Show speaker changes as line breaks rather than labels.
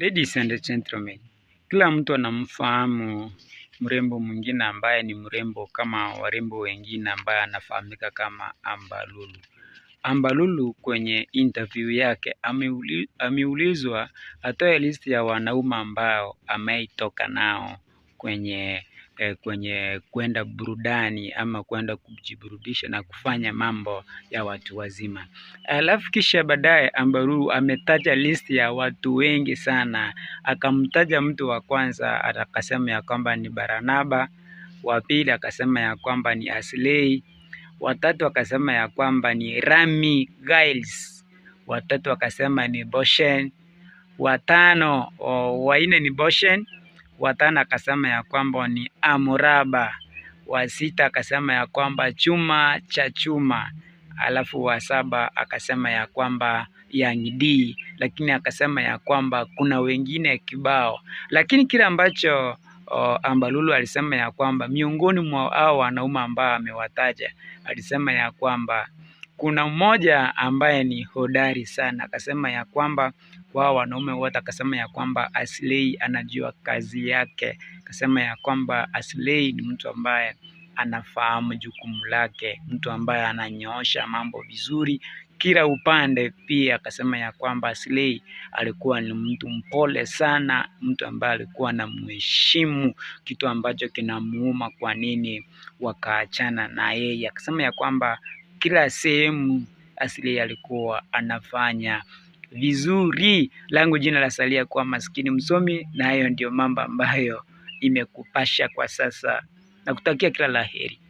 Ladies and gentlemen, kila mtu anamfahamu mrembo mwingine ambaye ni mrembo kama warembo wengine ambaye anafahamika kama Amber Lulu. Amber Lulu kwenye interview yake ameulizwa atoe list ya wanaume ambao ameitoka nao kwenye Eh, kwenye kwenda burudani ama kwenda kujiburudisha na kufanya mambo ya watu wazima. Alafu kisha baadaye Ambaru ametaja listi ya watu wengi sana, akamtaja mtu wa kwanza akasema ya kwamba ni Baranaba, wa pili akasema ya kwamba ni Asley, watatu akasema ya kwamba ni Rami Giles, watatu akasema ni Boshen, watano, wanne ni Boshen watana akasema ya kwamba ni amuraba, wa sita akasema ya kwamba chuma cha chuma, alafu wa saba akasema ya kwamba yangdi, lakini akasema ya kwamba kuna wengine kibao, lakini kile ambacho O, Ambalulu alisema ya kwamba miongoni mwa hao wanaume ambao amewataja alisema ya kwamba kuna mmoja ambaye ni hodari sana akasema ya kwamba wao wanaume wote akasema ya kwamba Aslay anajua kazi yake. Akasema ya kwamba Aslay ni mtu ambaye anafahamu jukumu lake, mtu ambaye ananyoosha mambo vizuri kila upande. Pia akasema ya kwamba Aslay alikuwa ni mtu mpole sana, mtu ambaye alikuwa na mheshimu, kitu ambacho kinamuuma kwa nini wakaachana na yeye. Akasema ya kwamba kila sehemu Asili alikuwa anafanya vizuri. Langu jina la salia kuwa Maskini Msomi, na hayo ndio mambo ambayo imekupasha kwa sasa, na kutakia kila laheri